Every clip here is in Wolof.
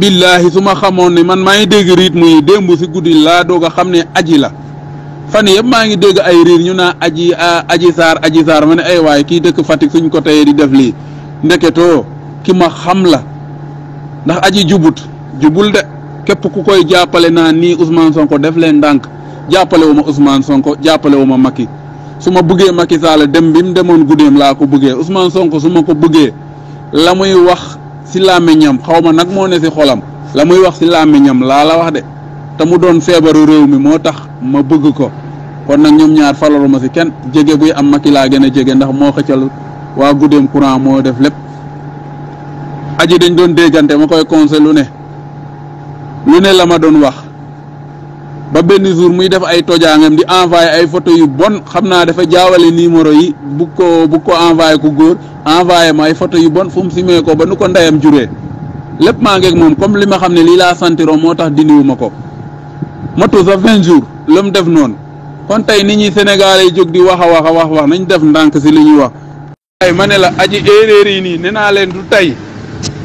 billaahi su ma xamoon ne man maa ngi dégg riit muy démb si guddi laa doog a xam ne aji la fan yëpp maa ngi dégg ay riir ñu naa aji aji saar aji saar ma ne ay waay kii dëkk Fatick suñ ko tayee di def lii ndeketoo ki ma xam la ndax aji jubut jubul de képp ku koy jàppale na ni Ousmane Sonko def leen ndànk jàppale wu Sonko jàppale wu ma Macky su ma bëggee Macky Sall dem bi demoon guddeem laa ko bëggee Ousmane Sonko su ma ko bëggee la muy wax si làmmiñam xawma nag moo ne si xolam la muy wax si làmmiñam laa la wax de te mu doon feebaru réew mi moo tax ma bëgg ko kon nag ñoom ñaar falalu ma si kenn jege buy am Macky laa gën a jege ndax moo xëccal waa guddeem courant moo def lépp aji dañ doon déggante ma koy conseil lu ne lu ne la ma doon wax ba benn jour muy def ay tojaangam di envoyé ay photo yu bon xam naa dafa jaawale numéro yi bu ko bu ko envoyé ku góor envoyé ma ay photo yu bon fu mu simee ko ba nu ko ndeyam juree lépp maa ngeeg moom comme li ma xam ne lii laa santiro moo tax dindiwu ma ko motu sa vingt jours la mu def noon kon tey nit ñi Sénégal yi jóg di wax a wax a wax wax def ndànk si li ñuy wax ay ma ne la aji éeréer yi nii nee naa leen du tey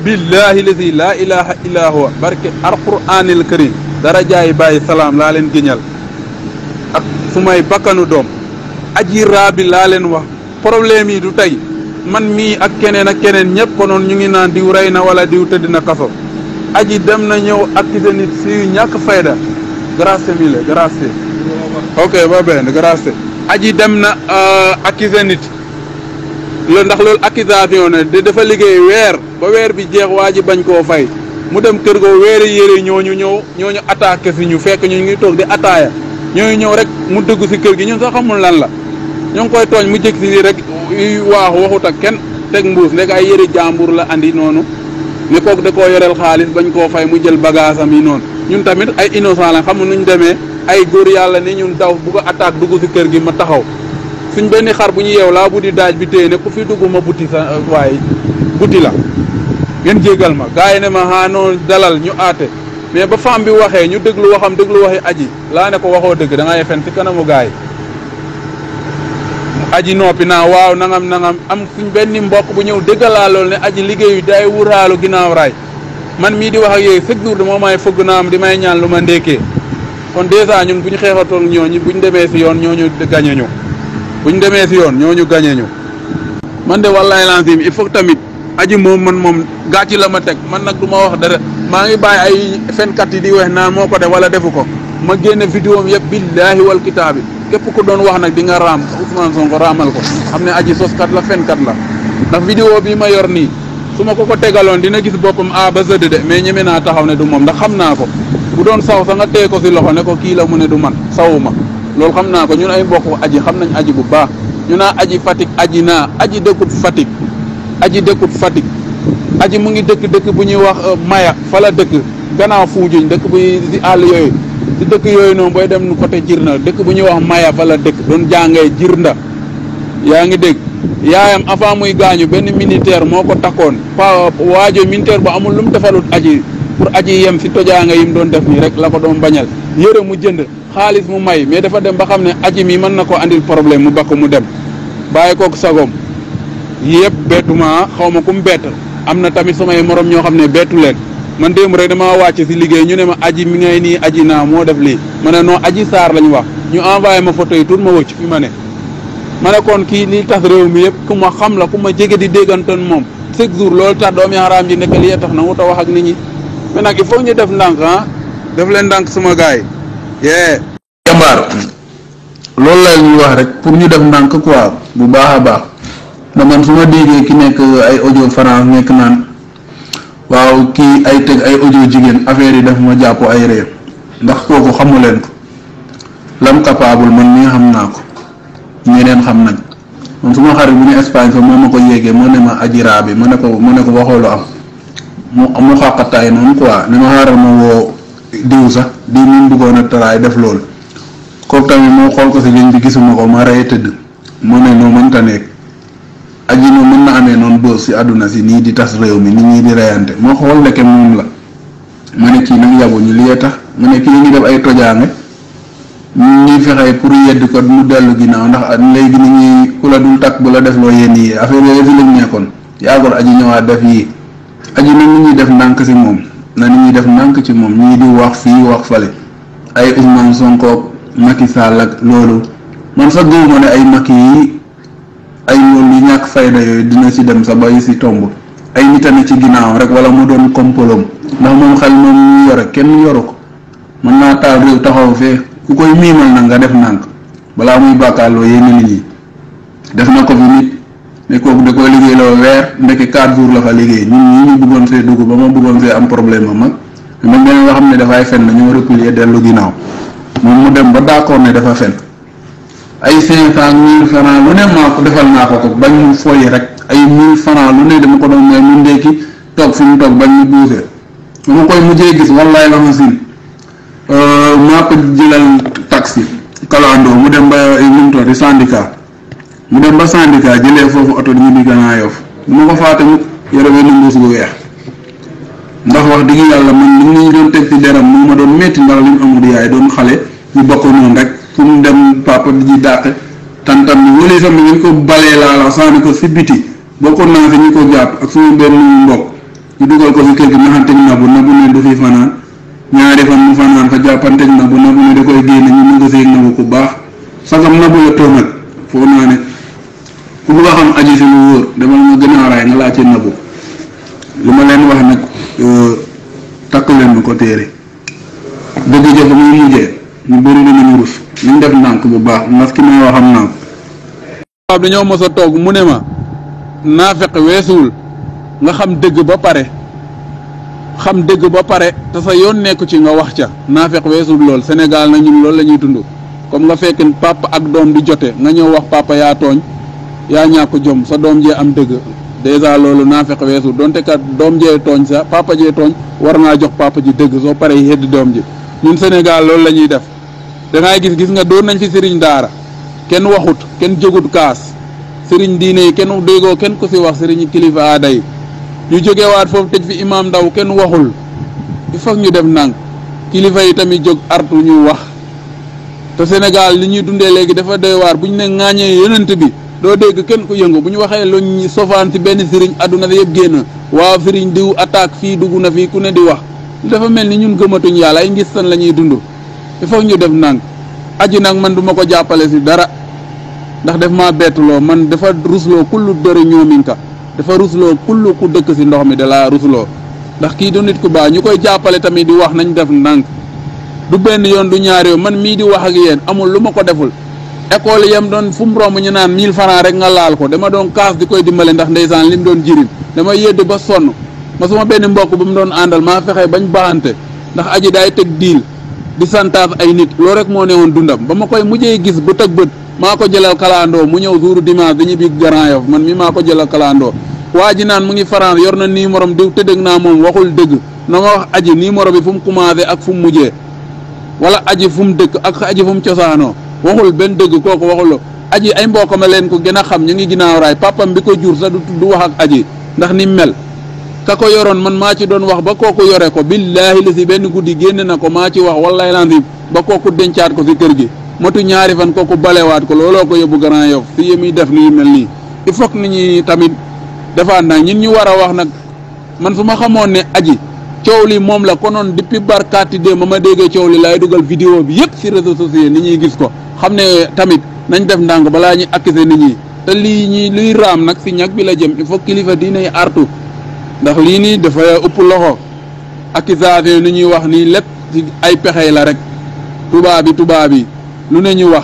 billaahi si laa ilaha illa huwa barke alquraanil karim dara darajaay bàyyi salaam laa leen géñal ak su may bakkanu doom aji raabi laa leen wax problème yi du tey man mii ak keneen ak keneen ñëpp konoon ñu ngi naan diw rey na wala diw tëdd na kaso aji dem na ñëw accusé nit si ñàkk fayda grâce mi la ok ba benn grâce aji dem na euh, accusé nit ndax loolu accusation ne de dafa liggéey weer ba weer bi jeex waa ji bañ koo fay mu dem kër goo weere yére ñu ñëw ñoo ñooñu attaqué si ñu fekk ñu ngi toog di attaaya ñooñu ñëw rek mu dëgg si kër gi ñun sax xamul lan la ñoo ngi koy tooñ mu jëkk si nii rek waaxu waxut ak kenn teg mbuus ndek ay yére jàmbur la andi noonu ne kooku da koo yoreel xaalis bañ koo fay mu jël bagage yi noonu ñun tamit ay innocent la xamul nuñ demee ay góor yàlla ni ñun daw bu ko attaque dugg si kër gi ma taxaw suñ benn xar bu ñu yeew laa bu di daaj bi téye ne ku fi dugg ma buti sa waaye buti la ngeen jégal ma gars yi ne ma xaanoo ah, dalal ñu ate mais ba femme bi waxee ñu déglu waxam déglu waxi aji laa ne ko waxoo dëgg da ngay fen ci kanamu gars yi aji noppi naa waaw nangam nangam am suñ benn mbokk bu ñëw déggalaa lool ne aji liggéeyu day wuraalu ginnaaw raay man mii di wax ak yooyu chaque jour de moo fëgg naa am di may ñaan lu ma ndékkee kon dèjà ñun bu ñu ñoo ñooñu bu ñu demee si yoon ñoo ñu gañe ñu bu ñu demee si yoon ñooñu gañe ñu man de wallaay tamit aji moom man moom gàcci la ma teg man nag du ma wax dara maa ngi bàyyi ay fenkat yi di wax naan moo ko def wala defu ko ma génne vidéo am yëpp billaahi wal kitaabi képp ku doon wax nag di nga raam Ousmane Sonko raamal ko xam ne aji soskat la fenkat la ndax vidéo bi ma yor nii su ma ko ko tegaloon dina gis boppam a ba zëdd de mais ñeme naa taxaw ne du moom ndax xam naa ko bu doon saw sa nga tee ko si loxo ne ko kii la mu ne du man sawu ma loolu xam naa ko ñun ay mbokk aji xam nañ aji bu baax ñu naa aji Fatick aji naa aji dëkkub Fatick aji dëkkut Fatick aji mu ngi dëkk dëkk bu ñuy wax euh, Maya fala dëkk gannaaw Fuujuñ dëkk bu si àll yooyu si dëkk yooyu noonu booy dem nu côté Jirna dëkk bu ñuy wax Maya fala dëkk doon jàngee Jirnda yaa ngi dégg yaayam avant muy gaañu benn militaire moo ko takkoon pa waajo militaire bu amul lu mu defalut aji pour aji yem si tojaanga yi mu doon def nii rek la ko doon bañal yëre mu jënd xaalis mu may mais dafa dem ba xam ne aji mi mën na ko andil problème mu bakk mu dem bàyyi kook sagom yëpp bettuma xaw ma ku mu bett am na tamit samay moroom ñoo xam ne bettu leen man démb rek dama wàcc si liggéey ñu ne ma aji mi ngay nii aji naa moo def lii ma ne non aji saar lañ wax ñu envoyé ma photo yi tur ma wëcc fi ma ne ma nekkoon kii lii tax réew mi yëpp ku ma xam la ku ma jege di déggantoon moom chaque jour loolu tax doomi xaraam ji nekk lii tax na wut wax ak ni ñi mais nag il faut ñu def ndànk ah def leen ndànk sama gars yi yee jàmbaar loolu la wax rek pour ñu def ndànk quoi bu baax a da man su ma déggee ki nekk ay audio France nekk naan waaw kii ay teg ay audio jigéen affaire yi daf ma jàpp ay réer ndax kooku xamu leen ko lam capable man mii xam naa ko ñeneen xam nañ man su ma xarit bu ñu Espagne fa moo ma ko yéegee mu ne ma ajiraa bi mu ne ko mu ne ko waxoo lu am mu mu xàqataay noonu quoi ni ma xaaral ma woo diw sax di mi bëggoon a taraay def loolu kooku tamit moo xool ko si ligne bi gisuma ko ma rey tëdd mu ne noo mënta nekk. aji no mën na amee noonu bës si aduna si di tass réew mi ni ñi di rayante mo xol ndeke mom la mané ne kii yabo ñu lii tax mané ki kii def ay tojaange ñi fexay pour yedd ko mu delu ginaaw ndax léegi ni ñi kula dul tak bu la def lo yenn yi affaire yooyu lu lañ nekkoon yaagoon aji ñëwaat def yi aji na ñi def nank ci mom na ñi def nank ci mom ñi di wax fi wax fale ay Ousmane Sonko makissal ak lolu man sax gëwuma ay makki ay ñoom yi ñàkk fayda yooyu dina ci dem sa bàyyi si tomb ay nit ci ginnaaw rek wala mu doon kompolom ndax moom xel moom ñu yore kenn yoru ko mën naa taal réew taxaw fee ku koy miimal na nga def nànk balaa muy bàkkaaloo yenn nit ñi def na ko fi nit ne kooku da koy liggéey loo weer ndeke 4 jours la fa liggéey ñun ñu bëggoon fee dugg ba ma bëggoon fee am problème mag man ngeen nga xam ne dafay fenn ñoo replier dellu ginnaaw moom mu dem ba d'accord ne dafa fenn ay cinq cent mille franc lu ne maa ko defal naa ko ko bañ mu foyi rek ay mille franc lu ne dama ko doon mooy mu ndékki toog fi mu toog bañ mu buusee ba ma gis wallaay la ma sin euh, maa ko jëlal taxi kalandoo mu dem ba eh, numutoo di syndicat dem ba syndicat jëlee foofu oto di ñu di Grand Yoff du ma ko faate mu yore benn mbuus gu weex ndax wax dëgg yàlla man li ñu doon teg ci deram mu ma doon metti ndax li mu amul yaay doon xale ñu bokk noonu rek fu mu dem papa bi ji dàq tantam bi wëlisam bi ñu ko balee laa la sànni ko si biti bokkoon naa fi ñu ko jàpp ak suñu benn mbokk ñu dugal ko si kër gi naxanteeg nabu nabu ne du fi fanaan ñaari fan mu fanaan fa jàppanteeg nabu nabu ne da koy génne ñu négocier nabu ku baax sagam nabu la toog nag foo naa ne ku bëgg a xam aji si lu wóor demal nga gën a raay nga laajte nabu lu ma leen wax nag euh, takk leen ko téere dëgg jëf muy mujjee ñu bëri dinañu rus ñu def ndànk bu baax ndax ki may wax xam naa ko dañoo mos a toog mu ne ma naafeq weesuwul nga xam dëgg ba pare xam dëgg ba pare te sa yoon nekku ci nga wax ca naafeq weesul lool senegal na ñun loolu la ñuy dund comme nga fekk papa ak doom di jote nga ñëw wax papa yaa tooñ yaa ñàkk jom sa doom jee am dëgg dèjà loolu naafeq weesuwul donte kat doom jee tooñ sa papa jee tooñ war naa jox papa ji dëgg soo paree yedd doom ji ñun Sénégal loolu la ñuy def da gis gis nga dóor nañ fi sëriñ daara kenn waxut kenn jógut kaas sëriñ diine yi kenn déggoo kenn ku si wax sëriñ kilifa aada yi ñu jógewaat foofu tëj fi imaam ndaw kenn waxul il faut ñu def ndànk kilifa yi tamit jóg artu ñu wax te senegaal li ñuy dundee léegi dafa doy waar bu ñu ne ŋaañee yonent bi doo dégg kenn ku yëngu bu ñu waxee luñ sofaan ci benn sëriñ àdduna bi yëpp génn waaw sëriñ diw attaque fii dugg na fii ku ne di wax dafa mel ni ñun gëmatuñ yàlla ay ngistan la ñuy dund il faut ñu def nang aji nak man duma ko jappalé ci dara ndax def maa lo, man dafa ruslo kullu dëri ñominka dafa ruslo kullu ku dekk ci ndox mi de la ruslo ndax ki do nit ku ba ñukoy jappalé tammi di wax nañ def nang du ben yoon du ñaar yoon man mi di wax ak yeen amul luma ko deful école yam don fum rom ñu naan 1000 francs rek nga laal ko dama don kaas di koy ndax ndaysan lim don jirim dama yedd ba sonn ma suma ben mbokk bu mu don andal ma fexé bañ baanté ndax aji day tek deal di santaaf ay nit loolu rek moo woon dundam ba ma koy mujjee gis bët ak bët maa ko jëlal kalandoo mu ñëw jour dimanche dañuy biig Grand Yoff man mi maa ko jëlal kalandoo waa ji naan mu ngi France yor na numéro diw tëddëg naa moom waxul dëgg na ma wax aji numéro bi fu mu commencé ak fu mu mujjee wala aji fu mu dëkk ak aji fu mu cosaanoo waxul benn dëgg kooku waxuloo aji ay mbokk ma leen ko gën a xam ñu ngi ginnaaw raay papam bi ko jur sax du wax ak aji ndax ni mel ka ko yoroon man maa ci doon wax ba kooku yore ko billaahi la si benn guddi génne na ko maa ci wax wallahi landim ba kooku dencaat ko si kër gi mootu ñaari fan kooku balewaat ko looloo ko yóbbu Grand Yoff fi yémuy def lu mel nii il faut ni nit ñi tamit defaat nag ñun ñu war a wax nag man su ma xamoon ne aji coow li moom la konoon depuis barkaati dé ma ma déggee coow li laay dugal vidéo bi yëpp si réseaux sociaux ni ñuy gis ko xam ne tamit nañ def ndànk balaa ñuy accuser nit ñi te lii ñi luy raam nag si ñag bi la jëm il faut kilifa diinay ndax lii nii dafa ëpp loxo accusation lu ñuy wax nii lépp ay pexe la rek tubaab bi tubaab bi lu ne ñu wax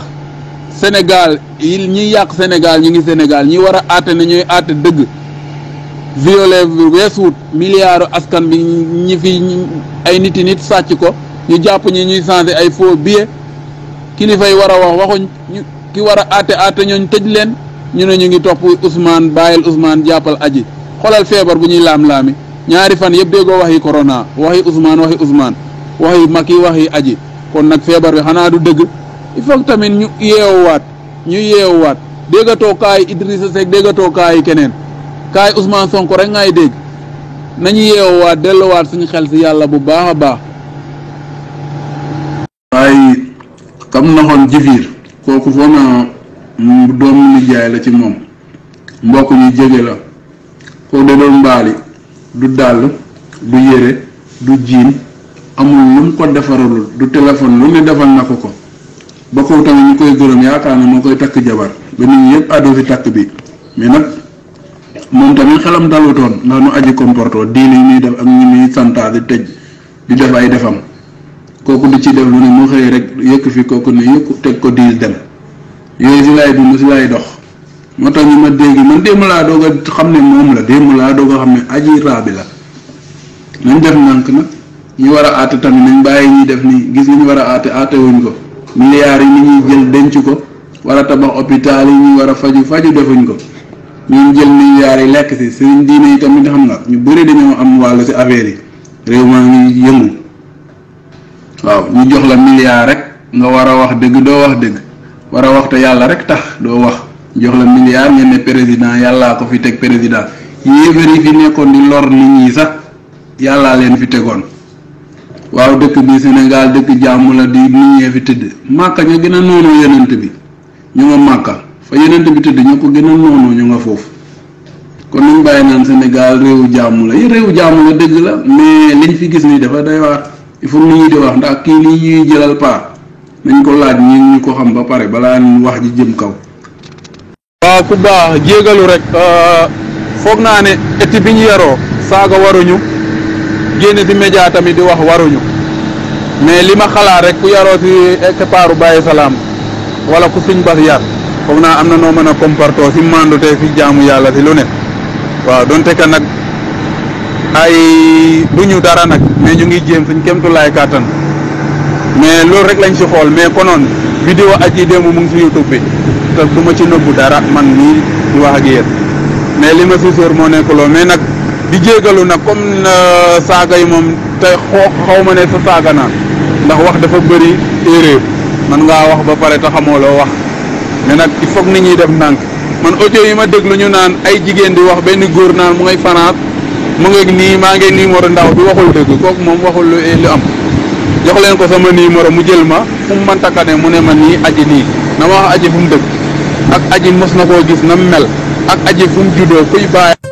Sénégal yi ñiy yàq Sénégal ñi ngi Sénégal ñi war a àtte ne ñooy àtte dëgg violé weesuut milliards askan bi ñi fi ay nit yi nit sàcc ko ñu jàpp ñi ñuy changé ay faux billets kilifa yi war a wax waxuñ ki war a àtte àtte ñooñ tëj leen ñu ne ñu ngi topp Ousmane bàyyil Ousmane jàppal aji xoolal feebar bu ñuy laam-laami ñaari fan yëpp déggoo waxi corona waxi Ousmane waxi Ousmane waxi Macky waxi aji kon nag feebar bi xanaa du dëgg il faut tamit ñu yeewaat ñu yeewaat déggatoo kaay Idrissa Seck déggatoo kaay keneen kaay Ousmane Sonko rek ngay dégg nañu yeewaat delluwaat suñu xel si yàlla bu baax a baax. waaye kam naxoon jifiir kooku foog doomu nijaay la ci moom mbokk ñu jege la. foofu da doon mbaali du dàll du yére du jiin amul lu mu ko defaralul du téléphone lu ne defal na ko ko ba ko tamit ñu koy gërëm yaakaar ne moo koy takk jabar ba nit ñi yëpp àddu fi takk bi mais nag moom tamit xelam dalutoon ndax nu comporto diin yi muy def ak ñi muy santaa di tëj di def ay defam kooku di ci def lu ne mu xëy rek yëkk fi kooku ne yëkk teg ko diis dem yooyu si lay dund si lay dox moo tax ñu ma dégg man démb laa doog a xam ne moom la démb laa doo a xam ne aji raabi la nañ def nànk na ñu war a aate tamit nañ bàyyi ñuy def nii gis li ñu war a aate aate wuñ ko milliards yi ni ñuy jël denc ko war a tabax hôpital yi ñu war a faju faju defuñ ko ñun jël milliards yi lekk si seen diine yi tamit xam nga ñu bëri dañoo am wàllu si affaire yi réew maa ngi yëngu waaw ñu jox la milliard rek nga war a wax dëgg doo wax dëgg war a wax te yàlla rek tax doo wax jox la milliard ngeen ne président yàllaa ko fi teg président yéefar yi fi nekkoon di lor nit ñi sax yàllaa leen fi tegoon waaw dëkk bi Sénégal dëkk jàmm la di nit ñee fi tëdd màkka ñu gën a noonoo yenent bi ñu nga màkka fa yenent bi tëdd ko gën a noonoo foofu kon nañ bàyyi naan Sénégal réewu jàmm la réewu jàmm la dëgg la mais liñ fi gis nii dafa day waar il faut nit ñi di wax ndax kii lii ñuy jëlal paar nañ ko laaj ñi ñu ko xam ba pare balaa wax ji jëm kaw waaw ku baax jégalu rek euh, foog naa ne éti bi ñu yaroo saaga waruñu génn di média tamit di wax waruñu mais li ma xalaat rek ku yaroo si keppaaru bàyyi salaam wala ku suñ bas yar foog naa am na noo mën a comportoo si mandute fi jaamu yàlla si lu ne waaw donte que nag ay duñu dara nag mais ñu ngi jéem suñ kemtu laay kàttan mais loolu rek lañ si xool mais konoon vidéo aji démb mu ngi si YouTube bi te du ma ci nëbbu dara man mii di wax ak yéen mais li ma si sóor moo nekk loo mais nag di jégalu nag comme saaga yi moom te xoo xaw ma ne sa saaga naa ndax wax dafa bëri erreur man ngaa wax ba pare te xamoo loo wax mais nag il faut nit ñuy def ndànk man audio yi ma déglu ñu naan ay jigéen di wax benn góor naan mu ngay fanaat mu ngeeg nii maa ngi moro ndaw bi waxul dëgg kooku moom waxul lu lu am jox leen ko sama moro mu jël ma fu mu mënta mu ne ma nii aji nii na ma wax aji fu mu dëgg ak aji mos na koo gis na mel ak aji fu mu kuy bàyyi